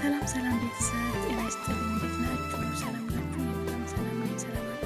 ሰላም ሰላም ቤተሰብ ጤና ይስጥልኝ። እንዴት ናችሁ? ሰላም ናችሁ? ሰላም ሰላም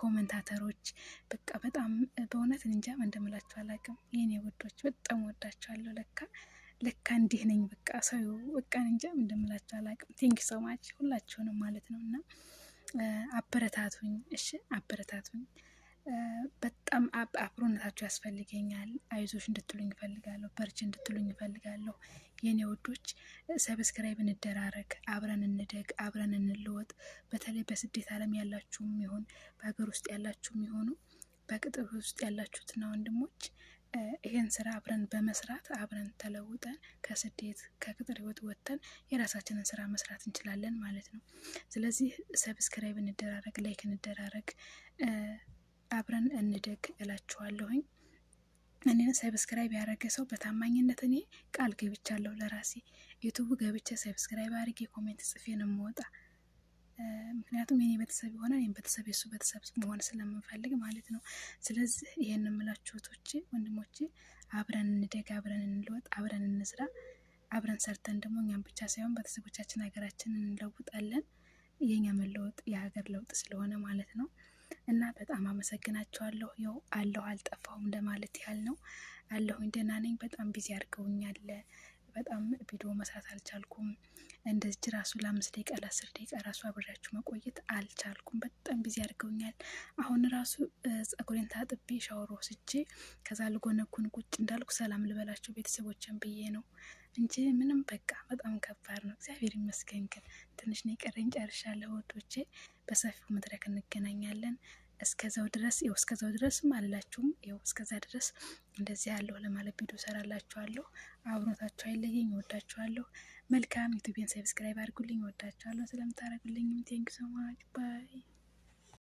ኮመንታተሮች በቃ በጣም በእውነት እንጃ እንደምላቸው አላቅም የኔ ውዶች በጣም ወዳቸዋለሁ። ለካ ለካ እንዲህ ነኝ በቃ ሰው በቃ እንጃ እንደምላቸው አላቅም ቴንክ ሶ ማች ሁላችሁንም ማለት ነው እና አበረታቱኝ፣ እሺ አበረታቱኝ። በጣም አብሮነታችሁ ያስፈልገኛል። አይዞሽ እንድትሉኝ ይፈልጋለሁ። በርች እንድትሉኝ ይፈልጋለሁ። የእኔ ውዶች ሰብስክራይብ እንደራረግ፣ አብረን እንደግ፣ አብረን እንለወጥ። በተለይ በስደት ዓለም ያላችሁም ይሁን በሀገር ውስጥ ያላችሁም ይሆኑ በቅጥር ውስጥ ያላችሁትና ወንድሞች ይህን ስራ አብረን በመስራት አብረን ተለውጠን ከስደት ከቅጥር ህይወት ወጥተን የራሳችንን ስራ መስራት እንችላለን ማለት ነው። ስለዚህ ሰብስክራይብ እንደራረግ፣ ላይክ እንደራረግ አብረን እንደግ እላችኋለሁኝ። እኔን ሰብስክራይብ ያደረገ ሰው በታማኝነት እኔ ቃል ገብቻለሁ ለራሴ ዩቱቡ ገብቼ ሰብስክራይብ አድርጌ ኮሜንት ጽፌ ነው የምወጣ። ምክንያቱም የኔ ቤተሰብ የሆነ እኔም ቤተሰብ የሱ ቤተሰብ መሆን ስለምንፈልግ ማለት ነው። ስለዚህ ይህን የምላችሁ እህቶቼ፣ ወንድሞቼ አብረን እንደግ፣ አብረን እንለወጥ፣ አብረን እንስራ። አብረን ሰርተን ደግሞ እኛም ብቻ ሳይሆን ቤተሰቦቻችን ሀገራችን እንለውጣለን። የኛ መለወጥ የሀገር ለውጥ ስለሆነ ማለት ነው። እና በጣም አመሰግናቸዋለሁ። ያው አለሁ አልጠፋሁም ለማለት ያህል ነው። አለሁኝ ደህና ነኝ። በጣም ቢዚ አድርገውኛል። በጣም ቪዲዮ መስራት አልቻልኩም። እንደዚህ ራሱ ለአምስት ደቂቃ ለአስር ደቂቃ ራሱ አብሬያችሁ መቆየት አልቻልኩም። በጣም ቢዚ አድርገውኛል። አሁን ራሱ ጸጉሬን ታጥቤ ሻወር ወስጄ ከዛ ልጎነኩን ቁጭ እንዳልኩ ሰላም ልበላችሁ ቤተሰቦችን ብዬ ነው። እንጂ ምንም በቃ በጣም ከባድ ነው። እግዚአብሔር ይመስገን ግን ትንሽ ነው የቀረኝ ጨርሻለሁ። ወዶቼ በሰፊው መድረክ እንገናኛለን። እስከዛው ድረስ ው እስከዛው ድረስም አላችሁም ው እስከዛ ድረስ እንደዚህ ያለው ለማለት ቪዲዮ ሰራላችኋለሁ። አብሮታችሁ አይለየኝ። ወዳችኋለሁ። መልካም ዩቱቤን ሰብስክራይብ አድርጉልኝ። ወዳችኋለሁ። ስለምታደርጉልኝም ቴንክ ሶማች ባይ